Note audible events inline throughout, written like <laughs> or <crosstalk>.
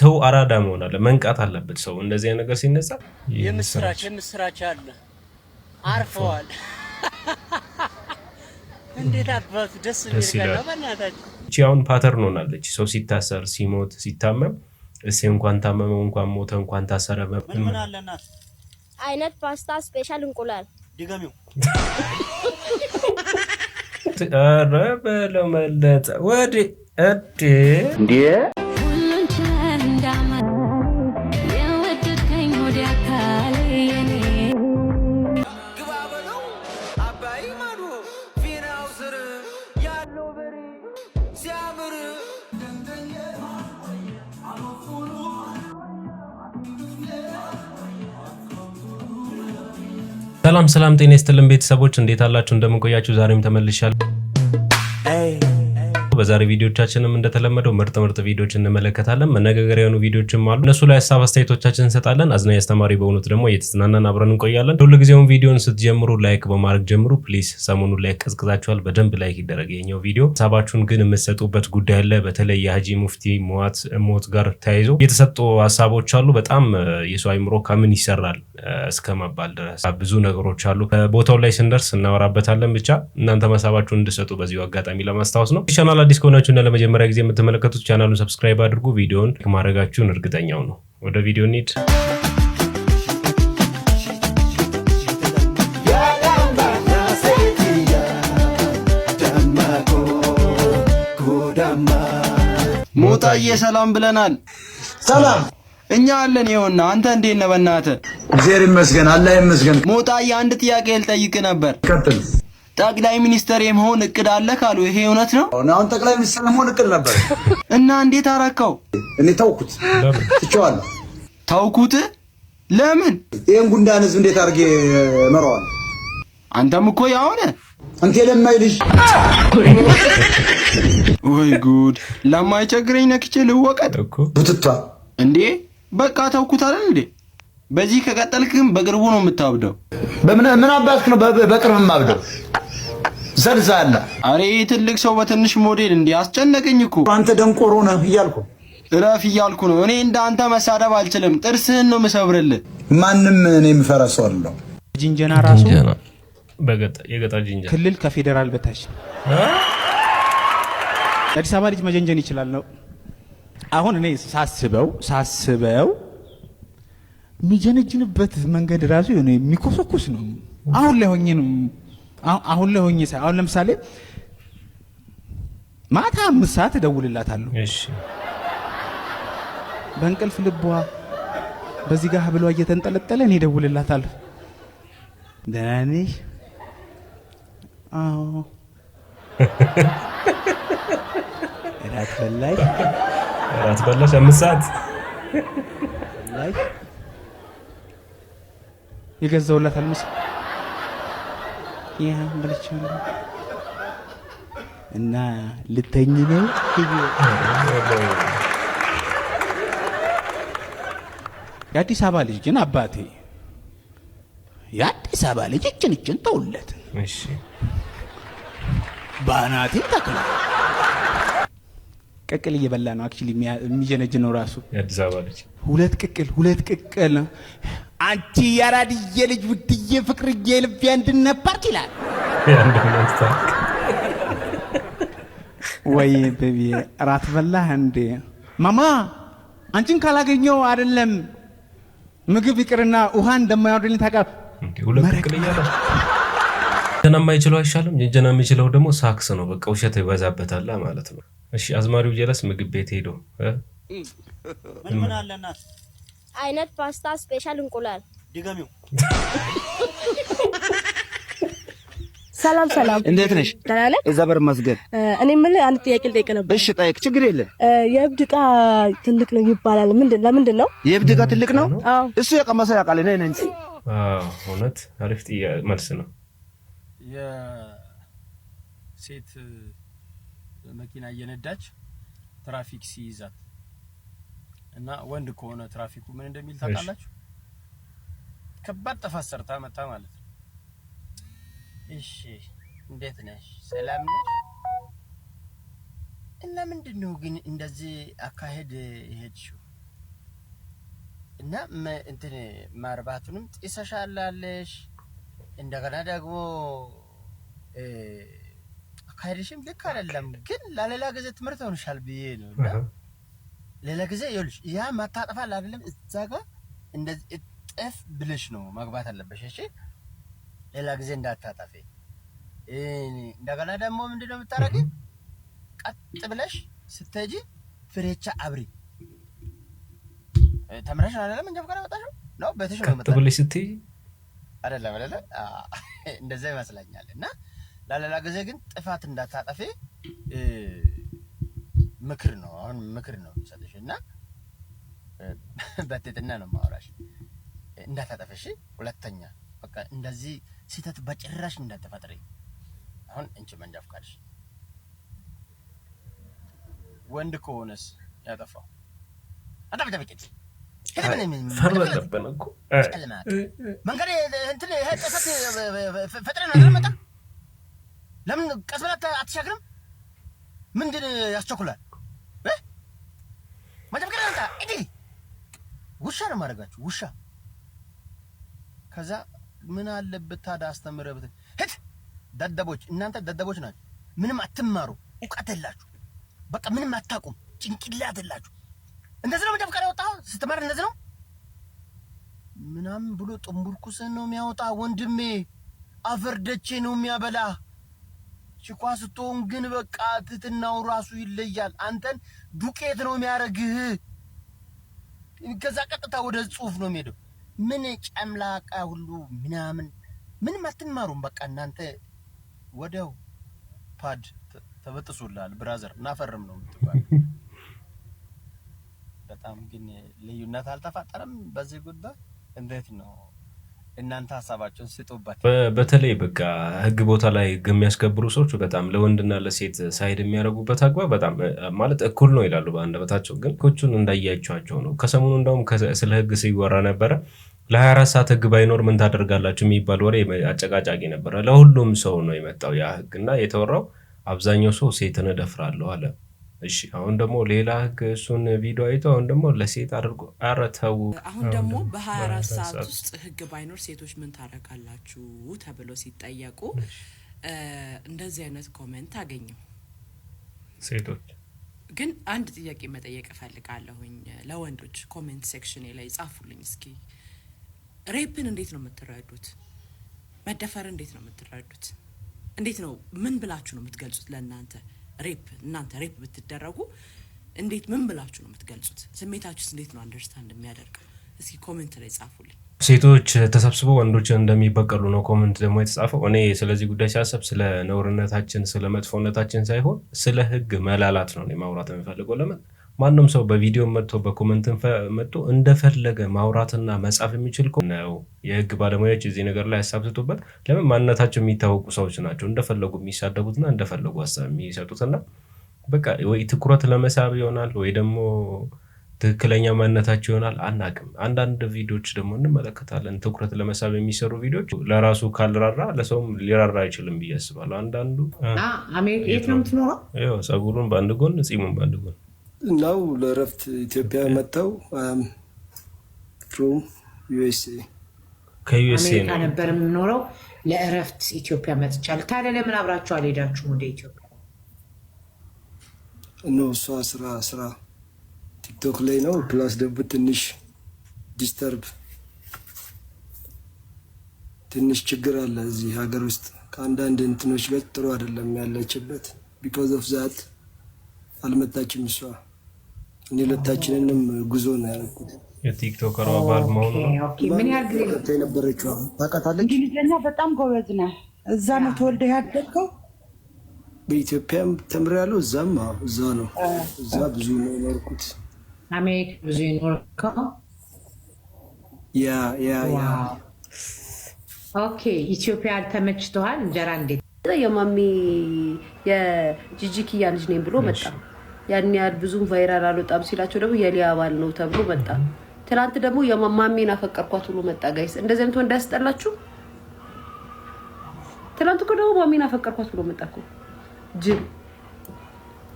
ሰው አራዳ መሆን አለ መንቃት አለበት። ሰው እንደዚህ አይነት ነገር ሲነሳ የምስራች የምስራች አለ አርፈዋል። <laughs> እንዴት አባቱ ደስ ይላል። በእናታችሁ እቺ አሁን ፓተርን ሆናለች። ሰው ሲታሰር፣ ሲሞት፣ ሲታመም እሴ እንኳን ታመመው እንኳን ሞተ እንኳን ታሰረ ምን አለ እናት አይነት ፓስታ ስፔሻል እንቁላል ድገሚው ኧረ <laughs> በለው መለጠ እዴ እንዴ ሰላም ሰላም፣ ጤና ይስጥልን ቤተሰቦች እንዴት አላችሁ? እንደምንቆያችሁ ዛሬም ተመልሻለሁ። በዛሬ ቪዲዮቻችንም እንደተለመደው ምርጥ ምርጥ ቪዲዮች እንመለከታለን። መነጋገሪያ የሆኑ ቪዲዮችም አሉ። እነሱ ላይ ሀሳብ አስተያየቶቻችን እንሰጣለን። አዝናኝ አስተማሪ በሆኑት ደግሞ እየተዝናናን አብረን እንቆያለን። ጊዜውን ቪዲዮን ስትጀምሩ ላይክ በማድረግ ጀምሩ ፕሊስ ሰሞኑን ላይክ ቀዝቅዛችኋል፣ በደንብ ላይክ ይደረግ የኛው ቪዲዮ። ሀሳባችሁን ግን የምትሰጡበት ጉዳይ አለ። በተለይ የሀጂ ሙፍቲ ሞት ሞት ጋር ተያይዞ የተሰጡ ሀሳቦች አሉ። በጣም የሰው አይምሮ ከምን ይሰራል እስከ መባል ድረስ ብዙ ነገሮች አሉ። ቦታው ላይ ስንደርስ እናወራበታለን። ብቻ እናንተ ሀሳባችሁን እንድሰጡ በዚሁ አጋጣሚ ለማስታወስ ነው። አዲስ ከሆናችሁና ለመጀመሪያ ጊዜ የምትመለከቱት ቻናሉን ሰብስክራይብ አድርጉ። ቪዲዮን ማድረጋችሁን እርግጠኛው ነው። ወደ ቪዲዮ እንሂድ። ሞጣዬ ሰላም ብለናል። ሰላም እኛ አለን። ይኸውና አንተ እንዴት ነህ? በእናትህ እግዚአብሔር ይመስገን፣ አላህ ይመስገን። ሞጣዬ አንድ ጥያቄ ልጠይቅ ነበር። ቀጥል ጠቅላይ ሚኒስትር የመሆን እቅድ አለ ካሉ ይሄ እውነት ነው? አሁን ጠቅላይ ሚኒስትር የመሆን እቅድ ነበር እና እንዴት አረከው? እኔ ተውኩት፣ ትቼዋለሁ። ተውኩት? ለምን? ይህን ጉንዳን ህዝብ እንዴት አድርጌ መረዋል? አንተም እኮ ያሆነ አንተ ለማይ ልጅ ወይ ጉድ! ለማይቸግረኝ ነክቼ ልወቀጥ ቡትቷ እንዴ! በቃ ተውኩት አይደል እንዴ? በዚህ ከቀጠልክም በቅርቡ ነው የምታብደው። በምን አባትክ ነው በቅርብ የማብደው? ዘልዛላ። አሬ ትልቅ ሰው በትንሽ ሞዴል እንዲ አስጨነቀኝ እኮ። አንተ ደንቆሮ ነህ እያልኩ እረፍ እያልኩ ነው። እኔ እንደ አንተ መሳደብ አልችልም። ጥርስህን ነው የምሰብርልህ። ማንም እኔ የምፈረሰው አለው። ጅንጀና ራሱ ክልል ከፌዴራል በታች አዲስ አበባ ልጅ መጀንጀን ይችላል ነው አሁን እኔ ሳስበው ሳስበው የሚጀነጅንበት መንገድ ራሱ የሆነ የሚኮሰኩስ ነው። አሁን ላይ ሆኜ ነው አሁን ላይ ሆኜ ሳይ አሁን ለምሳሌ ማታ አምስት ሰዓት እደውልላታለሁ። በእንቅልፍ ልቧ በዚህ ጋር ብሏ እየተንጠለጠለ እኔ እደውልላታለሁ። ደህና ነሽ? አዎ። <laughs> እራት በላሽ? እራት በላሽ? አምስት ሰዓት የገዛውላት አልመሰለኝም እና ልተኝ ነው የአዲስ አበባ ልጅ ግን አባቴ የአዲስ አበባ ልጅ እችን እችን ተውለት ባናቴ ተክለ ቅቅል እየበላ ነው። አክቹዋሊ የሚጀነጅ ነው ራሱ ሁለት ቅቅል ሁለት ቅቅል አንቺ ያራድዬ ልጅ ውድዬ ፍቅርዬ ልብ ያንድነት ፓርክ ይላል። ወይ ቤቢ ራት በላህ እንዴ? ማማ አንቺን ካላገኘው አይደለም ምግብ ይቅርና ውሃ እንደማያወድልኝ ታውቃለህ። ጀና የማይችለው አይሻልም። ጀና የሚችለው ደግሞ ሳክስ ነው። በቃ ውሸት ይበዛበታል ማለት ነው። እሺ አዝማሪው ጀለስ ምግብ ቤት ሄዶ አይነት ፓስታ ስፔሻል እንቁላል። ድገሚው። ሰላም ሰላም፣ እንዴት ነሽ? ደህና ነህ? በር ይመስገን። እኔ የምልህ አንድ ጥያቄ ልጠይቅ ነበር። እሺ ጠይቅ፣ ችግር የለም። የእብድ ዕቃ ትልቅ ነው ይባላል። ምንድን ለምንድን ነው የእብድ ዕቃ ትልቅ ነው? እሱ የቀመሰ ያውቃል። እኔ ነኝ። እውነት አሪፍ ጥያቄ መልስ ነው። የሴት መኪና እየነዳች ትራፊክ ሲይዛት እና ወንድ ከሆነ ትራፊኩ ምን እንደሚል ታውቃላችሁ? ከባድ ጥፋት ሰርታ መጣ ማለት ነው። እሺ እንዴት ነሽ? ሰላም ነሽ? እና ምንድን ነው ግን እንደዚህ አካሄድ ይሄድሽው እና እንትን ማርባቱንም ጢሰሻል እንደገና ደግሞ አካሄድሽም ልክ አይደለም፣ ግን ለሌላ ጊዜ ትምህርት ሆንሻል ብዬ ነው እና ሌላ ጊዜ ይኸውልሽ፣ ያ ማታጠፋ አይደለም እዛ ጋር እንደዚህ እጥፍ ብለሽ ነው መግባት አለበሽ። እሺ፣ ሌላ ጊዜ እንዳታጠፊ። እንደገና ደግሞ ምንድነው የምታረጊ? ቀጥ ብለሽ ስትሄጂ ፍሬቻ አብሪ ተምረሽ አይደለም እንጂ ፍቃድ መጣሽ ነው በትሽ ነው መጣሽ። ቀጥ ብለሽ ስትሄጂ አይደለም አይደለ? እንደዛ ይመስለኛል። እና ለሌላ ጊዜ ግን ጥፋት እንዳታጠፊ ምክር ነው አሁን ምክር ነው። እና <laughs> በትህትና ነው ማውራሽ። እንዳታጠፈሽ ሁለተኛ በቃ እንደዚህ ስህተት በጭራሽ እንዳትፈጥሪ። አሁን እንቺ መንጃ ፈቃድሽ ወንድ ከሆነስ ያጠፋው አጠፍተፍጭት ፈረደብን እኮ መንገድ እንትን ይሄ ጥሰት ፈጥረን ለምን ቀስ ብላ አትሻግርም? ምንድን ያስቸኩላል? መጨብቀን አንጣ እዲ ውሻ ነው የማደርጋችሁ ውሻ። ከዛ ምን አለበት ታዲያ አስተምረብት ህት ደደቦች፣ እናንተ ደደቦች ናችሁ። ምንም አትማሩ፣ እውቀት የላችሁ፣ በቃ ምንም አታውቁም፣ ጭንቅላት የላችሁ። እንደዚህ ነው መጨብቀን ያወጣ ስትማር እንደዚህ ነው ምናምን ብሎ ጥንቡርኩስን ነው የሚያወጣ ወንድሜ። አፈር ደቼ ነው የሚያበላ ሽኳ ስትሆን ግን በቃ ትትናው ራሱ ይለያል። አንተን ዱቄት ነው የሚያደርግህ። ከዛ ቀጥታ ወደ ጽሁፍ ነው የሚሄደው። ምን ጨምላቃ ሁሉ ምናምን ምንም አትማሩም። በቃ እናንተ ወደው ፓድ ተበጥሱላል። ብራዘር እናፈርም ነው የምትባል። በጣም ግን ልዩነት አልተፋጠረም በዚህ ጉዳይ እንዴት ነው? እናንተ ሀሳባቸውን ስጡበት። በተለይ በቃ ህግ ቦታ ላይ ህግ የሚያስከብሩ ሰዎች በጣም ለወንድና ለሴት ሳይድ የሚያደርጉበት አግባብ በጣም ማለት እኩል ነው ይላሉ በአንደበታቸው፣ ግን ህጎቹን እንዳያቸዋቸው ነው። ከሰሞኑ እንዳውም ስለ ህግ ሲወራ ነበረ። ለ24 ሰዓት ህግ ባይኖር ምን ታደርጋላችሁ የሚባል ወሬ አጨቃጫቂ ነበረ። ለሁሉም ሰው ነው የመጣው ያ ህግ እና የተወራው አብዛኛው ሰው ሴትን እደፍራለሁ አለ። እሺ አሁን ደግሞ ሌላ ህግ እሱን ቪዲዮ አይቶ አሁን ደግሞ ለሴት አድርጎ አረተው ተው። አሁን ደግሞ በ24 ሰዓት ውስጥ ህግ ባይኖር ሴቶች ምን ታረጋላችሁ ተብሎ ሲጠየቁ እንደዚህ አይነት ኮሜንት አገኘው። ሴቶች ግን አንድ ጥያቄ መጠየቅ እፈልጋለሁኝ ለወንዶች ኮሜንት ሴክሽን ላይ ጻፉልኝ እስኪ። ሬፕን እንዴት ነው የምትረዱት? መደፈር እንዴት ነው የምትረዱት? እንዴት ነው ምን ብላችሁ ነው የምትገልጹት ለእናንተ ሬፕ እናንተ ሬፕ ብትደረጉ እንዴት ምን ብላችሁ ነው የምትገልጹት? ስሜታችሁስ እንዴት ነው አንደርስታንድ የሚያደርግ? እስኪ ኮሜንት ላይ ጻፉልኝ። ሴቶች ተሰብስበው ወንዶች እንደሚበቀሉ ነው ኮመንት ደግሞ የተጻፈው። እኔ ስለዚህ ጉዳይ ሲያሰብ ስለ ነውርነታችን ስለ መጥፎነታችን ሳይሆን ስለ ሕግ መላላት ነው ማውራት የሚፈልገው ለምን ማንም ሰው በቪዲዮ መጥቶ በኮመንትን መጥቶ እንደፈለገ ማውራትና መጻፍ የሚችል ነው። የህግ ባለሙያዎች እዚህ ነገር ላይ ሀሳብ ለምን ማንነታቸው የሚታወቁ ሰዎች ናቸው። እንደፈለጉ የሚሳደቡትና እንደፈለጉ ሀሳብ የሚሰጡትና በቃ ወይ ትኩረት ለመሳብ ይሆናል ወይ ደግሞ ትክክለኛ ማንነታቸው ይሆናል አናቅም። አንዳንድ ቪዲዮዎች ደግሞ እንመለከታለን ትኩረት ለመሳብ የሚሰሩ ቪዲዮዎች ለራሱ ካልራራ ለሰውም ሊራራ አይችልም ብዬ አስባለሁ። አንዳንዱ የት ነው የምትኖረው? ፀጉሩን በአንድ ጎን ፂሙን በአንድ ጎን እናው ለእረፍት ኢትዮጵያ መጥተው ፍሮም ዩኤስኤ ከዩኤስኤ ነበር የምኖረው። ለእረፍት ኢትዮጵያ መጥቻለሁ። ታዲያ ለምን አብራችሁ አልሄዳችሁም ወደ ኢትዮጵያ? እኖ እሷ ስራ ስራ ቲክቶክ ላይ ነው። ፕላስ ደግሞ ትንሽ ዲስተርብ ትንሽ ችግር አለ እዚህ ሀገር ውስጥ ከአንዳንድ እንትኖች ጋር ጥሩ አይደለም ያለችበት። ቢኮዝ ኦፍ ዛት አልመጣችም እሷ። እኔ ሁለታችንንም ጉዞ ነው ያደረኩት። የቲክቶከሯ ባል መሆኑ ምን ያህል ጊዜ የነበረችው ታውቃታለች። እንግሊዝኛ በጣም ጎበዝ ነህ። እዛ ነው ተወልደ ያደግከው? በኢትዮጵያም ተምሬያለሁ። እዛም እዛ ነው እዛ ብዙ ነው የኖርኩት። አሜሪካ ብዙ የኖርከው? ያ ያ ያ ኦኬ። ኢትዮጵያ ተመችቶሃል? እንጀራ እንዴት? የማሚ የጂጂኪያ ልጅ ነኝ ብሎ መጣ ያን ያህል ብዙም ቫይራል አልወጣም ሲላቸው ደግሞ የሊያ አባል ነው ተብሎ መጣ። ትናንት ደግሞ የማማሜን አፈቀርኳት ብሎ መጣ። ጋይስ እንደዚህ አይነት ወንድ ያስጠላችሁ። ትናንት እኮ ደግሞ ማሜን አፈቀርኳት ብሎ መጣ እኮ ጅል።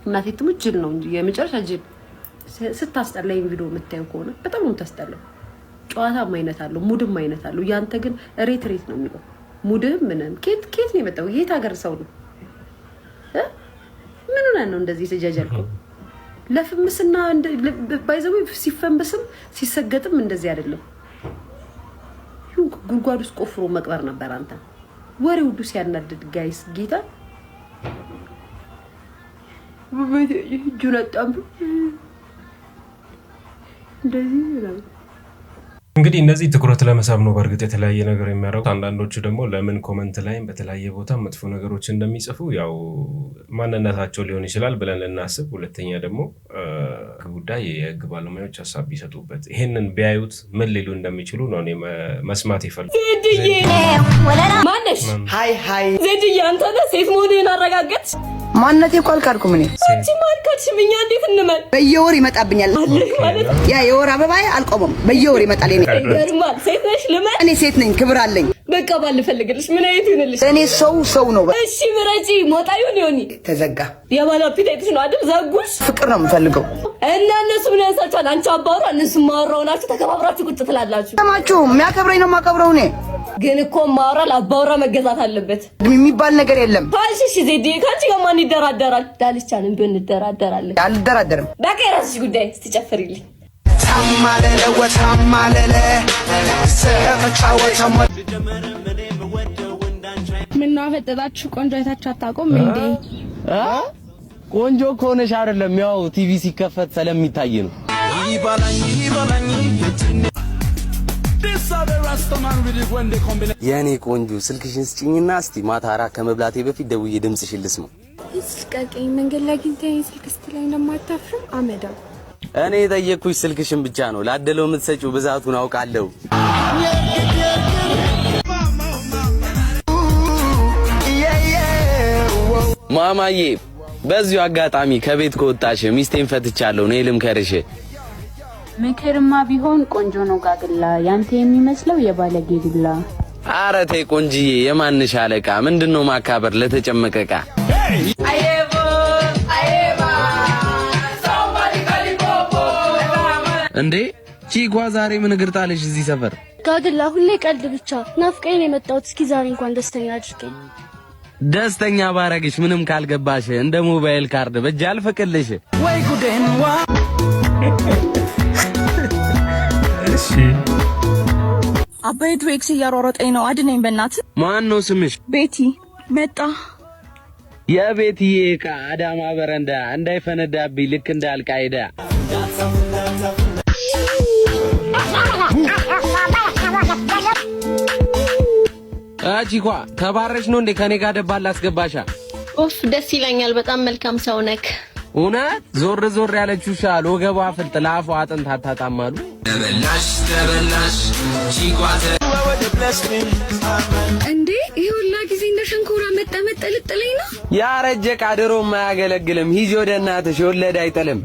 እናቴ ትሙት ጅል ነው እንጂ የመጨረሻ ጅል። ስታስጠላኝ ቪዲዮ የምታየው ከሆነ በጣም ነው የምታስጠላው። ጨዋታም አይነት አለው፣ ሙድም አይነት አለው። ያንተ ግን ሬት ሬት ነው የሚለው ሙድህም ምንም። ኬት ኬት ነው የመጣው? የት ሀገር ሰው ነው? ምን ሆነን ነው እንደዚህ ተጃጃልከው? ለፍምስና ባይዘዊ ሲፈምስም ሲሰገጥም እንደዚህ አይደለም። ጉድጓድ ውስጥ ቆፍሮ መቅበር ነበር። አንተ ወሬ ሁሉ ሲያናድድ ጋይስ ጌታ እጁን አጣምሩ እንደዚህ እንግዲህ እነዚህ ትኩረት ለመሳብ ነው በእርግጥ የተለያየ ነገር የሚያደርጉት። አንዳንዶቹ ደግሞ ለምን ኮመንት ላይም በተለያየ ቦታ መጥፎ ነገሮች እንደሚጽፉ ያው ማንነታቸው ሊሆን ይችላል ብለን ልናስብ፣ ሁለተኛ ደግሞ ጉዳይ የህግ ባለሙያዎች ሀሳብ ቢሰጡበት ይህንን ቢያዩት ምን ሊሉ እንደሚችሉ ነው እኔ መስማት ይፈልግ። ማነሽ? ሀይ ሀይ፣ ዜድዬ አንተ ነህ ሴት መሆንህን አረጋገጥ ማንነቴ እኮ አልካድኩም። እኔ አንቺ ማልካድሽም እኛ እንዴት እንመል? በየወር ይመጣብኛል። ያ የወር አበባ አልቆመም፣ በየወር ይመጣል። እኔ ሴት ነሽ ልመል? እኔ ሴት ነኝ፣ ክብር አለኝ። በቃ ባልፈልግልሽ፣ ምን አይነት ይሁንልሽ? እኔ ሰው ሰው ነው። እሺ ምረጪ። ሞጣ ይሁን ይሁን ተዘጋ። የባል አፒታይትሽ ነው አይደል? ዘጉሽ። ፍቅር ነው የምፈልገው እና እነሱ ምን ያንሳቸዋል? አንቺ አባወራ፣ እነሱ ማወራው ናችሁ። ተከባብራችሁ ቁጭ ትላላችሁ። ሰማችሁ? የሚያከብረኝ ነው የማከብረው እኔ ግን እኮ ማውራ ለአባወራ መገዛት አለበት የሚባል ነገር የለም። ፋልሽሽ ዜድ ከአንቺ ጋር ማን ይደራደራል? ዳልቻንም ብንደራደራለን። አልደራደርም። በቃ የራስሽ ጉዳይ ስትጨፍሪልኝ ታማለለ ወታማለለ ምነው አፈጠጣችሁ? ቆንጆ አይታችሁ አታውቁም እንዴ? ቆንጆ ከሆነሽ አይደለም፣ ያው ቲቪ ሲከፈት ስለሚታይ ነው። ይባላኝ ይባላኝ የእኔ ቆንጆ ስልክሽን ስጭኝና እስቲ ማታ እራት ከመብላቴ በፊት ደውዬ ድምፅሽን ልስማው። ስቀቀኝ መንገድ ላይ አግኝተኸኝ ስልክ ስትለኝ እንደማታፍርም አመዳ። እኔ የጠየቅኩሽ ስልክሽን ብቻ ነው። ላደለው የምትሰጪው ብዛቱን አውቃለሁ። ማማዬ፣ በዚሁ አጋጣሚ ከቤት ከወጣሽ ሚስቴን ፈትቻለሁ። እኔ ልምከርሽ ምክርማ ቢሆን ቆንጆ ነው ጋግላ፣ ያንተ የሚመስለው የባለጌ ዱላ። ኧረ ተይ ቆንጅዬ፣ የማንሽ አለቃ ምንድነው ማካበር ለተጨመቀቃ እንዴ ቺጓ ዛሬ ምን እግር ጣለሽ እዚህ ሰፈር? ጋግላ ሁሌ ቀልድ ብቻ ናፍቀኝ ነው የመጣሁት። እስኪ ዛሬ እንኳን ደስተኛ አድርገኝ። ደስተኛ ባረግሽ ምንም ካልገባሽ እንደ ሞባይል ካርድ በእጅ አልፈቅልሽ ወይ ዋ እሺ አባዬ ድሬክስ እያሯሯጠኝ ነው። አድነኝ በእናት። ማን ነው ስምሽ? ቤቲ መጣ። የቤትዬ እቃ አዳማ በረንዳ እንዳይፈነዳብኝ ልክ እንደ አልቃይዳ አጂኳ ተባረሽ ነው እንዴ? ከኔ ጋር ደባል አስገባሻ። ኦፍ ደስ ይለኛል። በጣም መልካም ሰው ነክ እውነት ዞር ዞር ያለች ውሻ ለወገቧ ፍልጥ ለአፏ አጥንት አታጣማሉ። እንዴ ይህ ሁላ ጊዜ እንደ ሸንኮራ መጠመጥ ጥልጥለኝ ነው። ያረጀ ቃ ድሮም አያገለግልም። ሂጂ ወደ እናትሽ፣ የወለደ አይጥልም።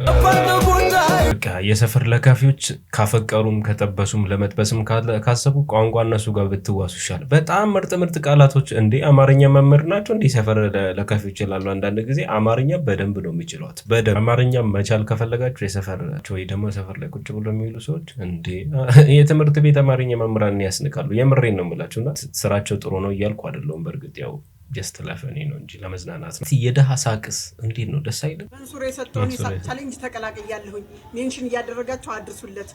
በቃ የሰፈር ለካፊዎች ካፈቀሩም ከጠበሱም ለመጥበስም ካሰቡ ቋንቋ እነሱ ጋር ብትዋሱ ይሻል። በጣም ምርጥ ምርጥ ቃላቶች እንዴ! አማርኛ መምህር ናቸው እንዴ? ሰፈር ለካፊዎች ይላሉ። አንዳንድ ጊዜ አማርኛ በደንብ ነው የሚችሏት። በደንብ አማርኛ መቻል ከፈለጋቸው የሰፈር ወይ ደግሞ ሰፈር ላይ ቁጭ ብሎ የሚውሉ ሰዎች እንዴ! <laughs> የትምህርት ቤት አማርኛ መምህራን ያስንቃሉ። የምሬን ነው የምላቸው እና ስራቸው ጥሩ ነው እያልኩ አይደለሁም። በእርግጥ ያው ጀስት ለፈኔ ነው እንጂ ለመዝናናት ነው። የደሃ ሳቅስ እንዴት ነው? ደስ አይልም? መንሱር የሰጠውን ቻሌንጅ ተቀላቀያለሁኝ። ሜንሽን እያደረጋችሁ አድርሱለት።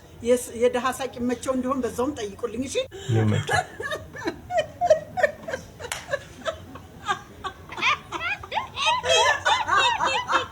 የደሃ ሳቅ ይመቸው እንዲሆን በዛውም ጠይቁልኝ። እሺ <laughs>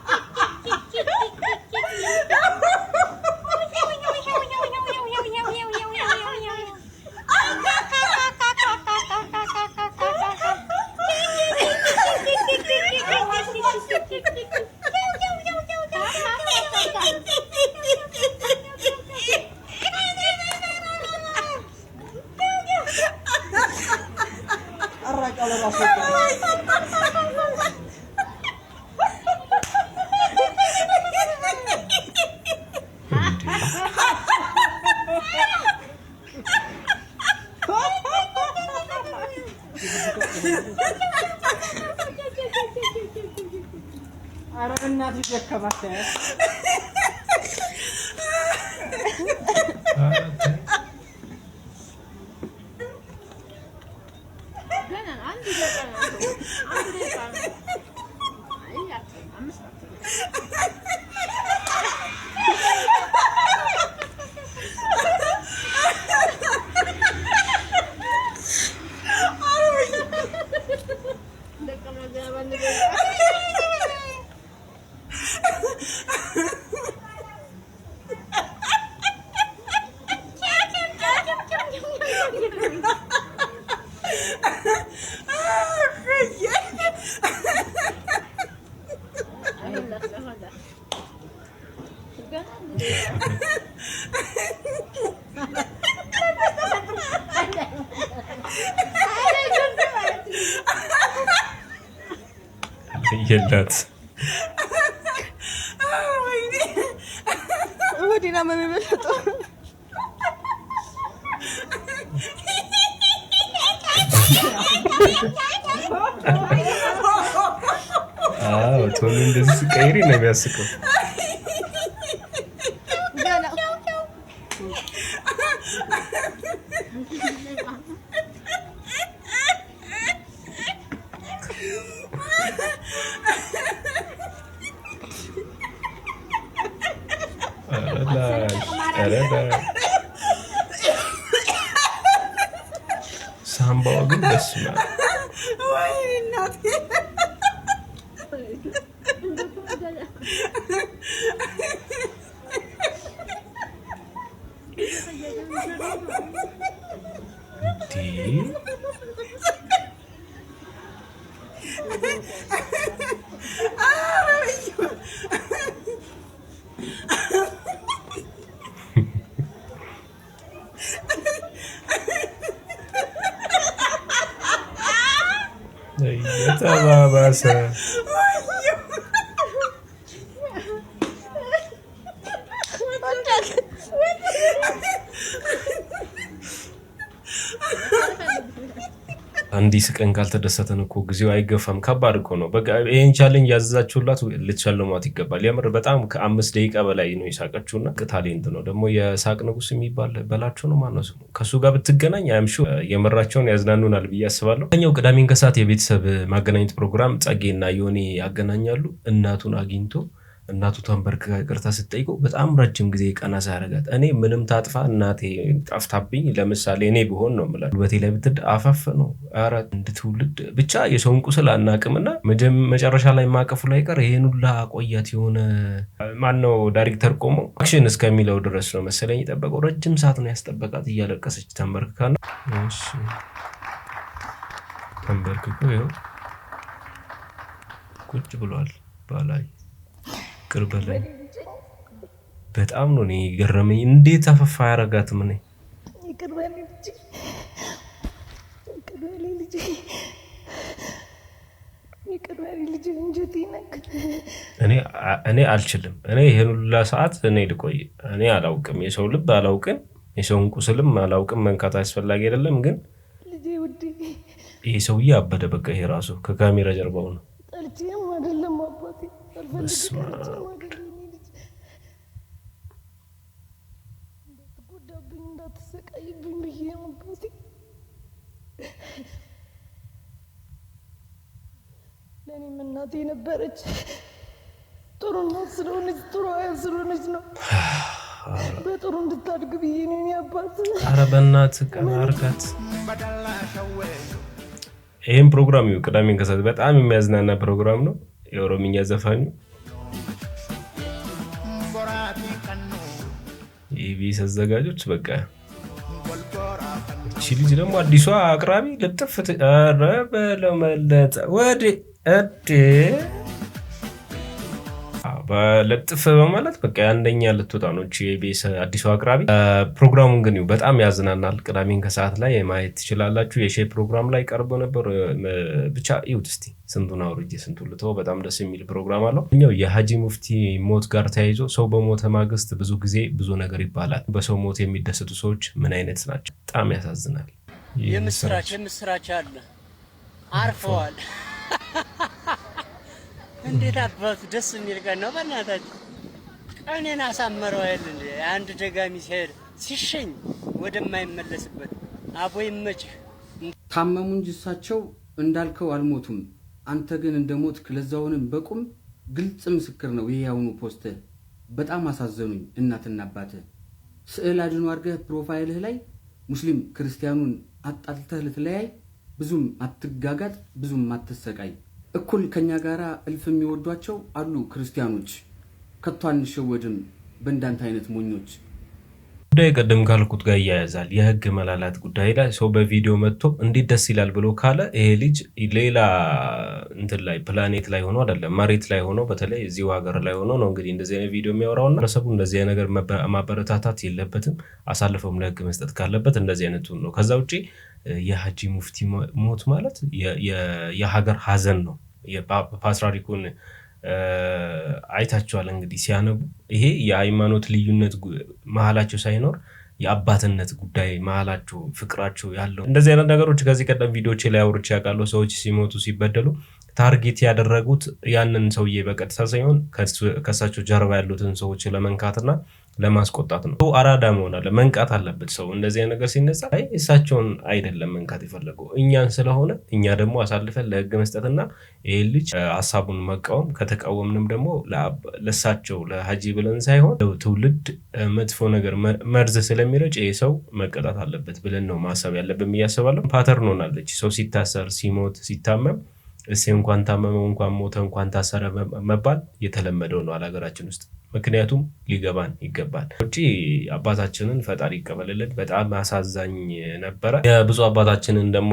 አንድ ለቀን አንድ ደቂቃ ነው። አይ አምስት የላት ቶሎ እንደዚህ ቀይሪ ነው የሚያስቀው። ሳምባዋ ግን ደስ ይላል። ወይኔ እናቴ አንዲ ስቀን ካልተደሰተን እኮ ጊዜው አይገፋም። ከባድ እኮ ነው። በቃ ይህን ቻሌንጅ ያዘዛችሁላት ልትሸልሟት ይገባል። የምር በጣም ከአምስት ደቂቃ በላይ ነው የሳቀችው እና ታሌንት ነው ደግሞ። የሳቅ ንጉስ የሚባል በላቸው ነው ማነው ስሙ። ከሱ ጋር ብትገናኝ አይምሹ የምራቸውን ያዝናኑናል ብዬ አስባለሁ። ኛው ቅዳሜን ከሰዓት የቤተሰብ ማገናኘት ፕሮግራም ጸጌና ዮኒ ያገናኛሉ። እናቱን አግኝቶ እናቱ ተንበርክካ ይቅርታ ስትጠይቀው በጣም ረጅም ጊዜ ቀና ሳያደርጋት እኔ ምንም ታጥፋ እናቴ ጠፍታብኝ፣ ለምሳሌ እኔ ቢሆን ነው የምለው ጉልበቴ ላይ ብትድ አፈፍ ነው። ኧረ እንድ ትውልድ ብቻ የሰውን ቁስል አናቅምና መጨረሻ ላይ ማቀፉ ላይ ቀር ይህን ሁላ ቆያት የሆነ ማነው ዳይሬክተር ቆሞ አክሽን እስከሚለው ድረስ ነው መሰለኝ የጠበቀው። ረጅም ሰዓት ነው ያስጠበቃት እያለቀሰች ተንበርክካ ነው ተንበርክኮ ይኸው ቁጭ ብሏል ባላይ ቅርብ ላይ በጣም ነው እኔ ገረመኝ። እንዴት አፈፋ ያረጋትም ነኝ እኔ አልችልም። እኔ ይህን ሁላ ሰዓት እኔ ልቆይ እኔ አላውቅም። የሰው ልብ አላውቅም፣ የሰውን ቁስልም አላውቅም። መንካት አስፈላጊ አይደለም ግን ይህ ሰውዬ አበደ። በቃ ይሄ ራሱ ከካሜራ ጀርባው ነው። እንዳትጎዳብኝ እንዳትሰቃይብኝ ብዬ አባቴ ለእኔም እናቴ ነበረች። ጥሩ እናት ስለሆነች ጥሩ አያት ስለሆነች ነው በጥሩ እንድታድግ ብዬ ነው የእኔ አባት። ኧረ ቀና አድርጋት። ይህም ፕሮግራም ቅዳሜን ከሰዓት በጣም የሚያዝናና ፕሮግራም ነው። የኦሮምኛ ዘፋኙ የኢቢኤስ አዘጋጆች በቃ እቺ ልጅ ደግሞ አዲሷ አቅራቢ ልጥፍ ረበለመለጠ ወዴ እዴ በለጥፍ በማለት በቃ የአንደኛ ልትወጣ ነው የኢቢኤስ አዲሱ አቅራቢ። ፕሮግራሙን ግን በጣም ያዝናናል። ቅዳሜን ከሰዓት ላይ ማየት ትችላላችሁ። የሼ ፕሮግራም ላይ ቀርቦ ነበር። ብቻ ይሁት እስቲ ስንቱን አውርጄ ስንቱ ልተወው። በጣም ደስ የሚል ፕሮግራም አለው። እኛው የሀጂ ሙፍቲ ሞት ጋር ተያይዞ ሰው በሞተ ማግስት ብዙ ጊዜ ብዙ ነገር ይባላል። በሰው ሞት የሚደሰቱ ሰዎች ምን አይነት ናቸው? በጣም ያሳዝናል። የምስራች የምስራች አለ አርፈዋል <laughs> እንዴት አባቱ ደስ የሚል ቀን ነው። በእናታችሁ ቀኔን አሳመረው አይደል እንዴ? አንድ ደጋሚ ሲሄድ ሲሸኝ ወደማይመለስበት አቦ ይመችህ። ታመሙ እንጂ እሳቸው እንዳልከው አልሞቱም። አንተ ግን እንደ ሞትክ ለዛውንም በቁም ግልጽ ምስክር ነው። ይህ ያሁኑ ፖስት በጣም አሳዘኑኝ። እናትና አባት ስዕል አድኖ አድርገህ ፕሮፋይልህ ላይ ሙስሊም ክርስቲያኑን አጣልተህ ልትለያይ ብዙም አትጋጋጥ፣ ብዙም አትሰቃይ። እኩል ከኛ ጋር እልፍ የሚወዷቸው አሉ ክርስቲያኖች። ከቶ አንሸወድም በእንዳንተ አይነት ሞኞች። ጉዳይ ቀደም ካልኩት ጋር እያያዛል። የህግ መላላት ጉዳይ ላይ ሰው በቪዲዮ መጥቶ እንዴት ደስ ይላል ብሎ ካለ ይሄ ልጅ ሌላ እንትን ላይ ፕላኔት ላይ ሆኖ አይደለም መሬት ላይ ሆኖ በተለይ እዚሁ ሀገር ላይ ሆኖ ነው እንግዲህ እንደዚህ አይነት ቪዲዮ የሚያወራው እና ማህበረሰቡ እንደዚህ ነገር ማበረታታት የለበትም። አሳልፈውም ለህግ መስጠት ካለበት እንደዚህ አይነቱ ነው። ከዛ ውጭ የሀጂ ሙፍቲ ሞት ማለት የሀገር ሀዘን ነው። የፓትርያርኩን አይታችኋል እንግዲህ ሲያነቡ ይሄ የሃይማኖት ልዩነት መሀላቸው ሳይኖር የአባትነት ጉዳይ መሀላቸው ፍቅራቸው ያለው እንደዚህ አይነት ነገሮች ከዚህ ቀደም ቪዲዮች ላይ አውርቼ ያውቃሉ። ሰዎች ሲሞቱ ሲበደሉ ታርጌት ያደረጉት ያንን ሰውዬ በቀጥታ ሳይሆን ከእሳቸው ጀርባ ያሉትን ሰዎች ለመንካትና ለማስቆጣት ነው። አራዳ መሆን አለ መንቃት አለበት ሰው እንደዚህ ነገር ሲነሳ አይ እሳቸውን አይደለም መንካት የፈለገው እኛን ስለሆነ እኛ ደግሞ አሳልፈን ለህግ መስጠትና ይህ ልጅ ሀሳቡን መቃወም ከተቃወምንም ደግሞ ለእሳቸው ለሀጂ ብለን ሳይሆን ትውልድ መጥፎ ነገር መርዝ ስለሚረጭ ይህ ሰው መቀጣት አለበት ብለን ነው ማሰብ ያለብን እያስባለሁ። ፓተርን ሆናለች ሰው ሲታሰር ሲሞት ሲታመም እሴ እንኳን ታመመው እንኳን ሞተ እንኳን ታሰረ መባል የተለመደው ነው አላገራችን ውስጥ ምክንያቱም ሊገባን ይገባል። ውጪ አባታችንን ፈጣሪ ይቀበልልን በጣም አሳዛኝ ነበረ። የብዙ አባታችንን ደግሞ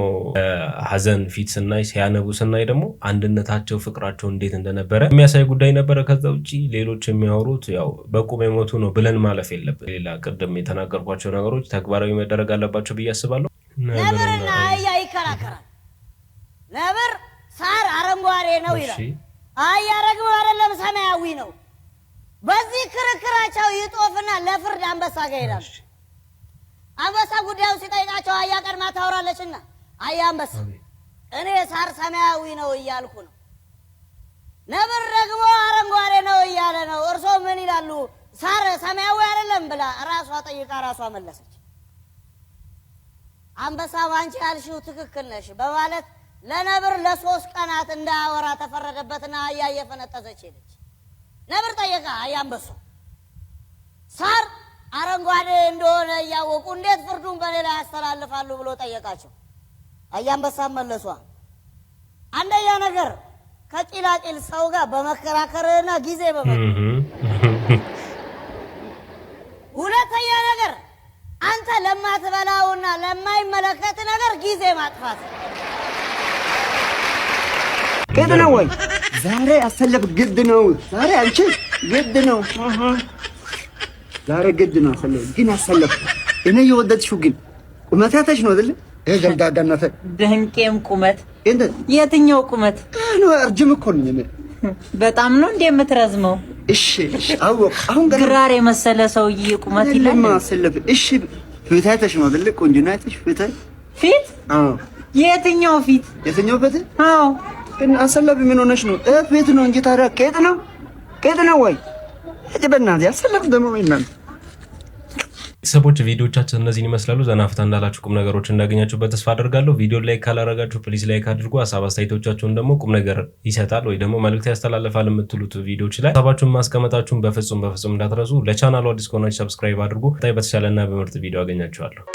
ሀዘን ፊት ስናይ ሲያነቡ ስናይ ደግሞ አንድነታቸው፣ ፍቅራቸው እንዴት እንደነበረ የሚያሳይ ጉዳይ ነበረ። ከዛ ውጭ ሌሎች የሚያወሩት ያው በቁም የሞቱ ነው ብለን ማለፍ የለብን። ሌላ ቅድም የተናገርኳቸው ነገሮች ተግባራዊ መደረግ አለባቸው ብዬ አስባለሁ። ነብርና አህያ ይከራከራል። ነብር ሳር አረንጓዴ ነው ይላል። አህያ ደግሞ አይደለም ሰማያዊ ነው በዚህ ክርክራቸው ይጦፍና ለፍርድ አንበሳ ጋር አንበሳ ጉዳዩ ሲጠይቃቸው አያ ቀድማ ታወራለችና፣ አያ አንበሳ እኔ ሳር ሰማያዊ ነው እያልኩ ነው፣ ነብር ደግሞ አረንጓዴ ነው እያለ ነው። እርሶ ምን ይላሉ? ሳር ሰማያዊ አይደለም ብላ ራሷ ጠይቃ ራሷ መለሰች። አንበሳ ባንቺ ያልሽው ትክክል ነሽ በማለት ለነብር ለሶስት ቀናት እንዳወራ ተፈረደበትና አያ እየፈነጠዘች ሄደች። ነብር ጠየቃ ያንበሱ ሳር አረንጓዴ እንደሆነ እያወቁ እንዴት ፍርዱን በሌላ ያስተላልፋሉ ብሎ ጠየቃቸው። አያንበሳ መለሷ፣ አንደኛ ነገር ከቂላቂል ሰው ጋር በመከራከርና ጊዜ በመ <laughs> ሁለተኛ ነገር አንተ ለማትበላውና ለማይመለከት ነገር ጊዜ ማጥፋት ግድ ነው ወይ? ዛሬ አሰለፍ ግድ ነው። ዛሬ አንቺ ግድ ነው። ዛሬ ግድ ነው። አሰለፍ ግን አሰለፍ እኔ የወደድሽው ግን ቁመታተሽ ነው አይደል? ይሄ ደንጋጋነት ደንቄም ቁመት እንዴ! የትኛው ቁመት ነው? እርጅም እኮ ነኝ እኔ። በጣም ነው እንዴ የምትረዝመው? እሺ፣ እሺ፣ አወቅ። አሁን ግራር የመሰለ ሰውዬ ቁመት ይላል። አሰለፍ እሺ፣ ፍታተሽ ነው አይደል? ቆንጆ ነው አይተሽ ፍታ ፊት። አዎ። የትኛው ፊት? የትኛው ፊት? አዎ ግን አሰላቢ ምን ሆነሽ ነው? እህት ቤት ነው እንጂ ታዲያ ከየት ነው ከየት ነው ወይ? እጅ በእናትህ አሰላቢ ደግሞ ይናል። ቤተሰቦች ቪዲዮቻችን እነዚህን ይመስላሉ። ዘና ዘናፍታ እንዳላችሁ ቁም ነገሮች እንዳገኛችሁ በተስፋ አደርጋለሁ። ቪዲዮ ላይክ ካላረጋችሁ ፕሊዝ ላይክ አድርጉ። ሀሳብ አስተያየቶቻችሁን ደግሞ ቁም ነገር ይሰጣል ወይ ደግሞ መልእክት ያስተላልፋል የምትሉት ቪዲዮች ላይ ሀሳባችሁን ማስቀመጣችሁን በፍጹም በፍጹም እንዳትረሱ። ለቻናሉ አዲስ ከሆናችሁ ሰብስክራይብ አድርጉ። ታይ በተሻለና በምርጥ ቪዲዮ አገኛችኋለሁ።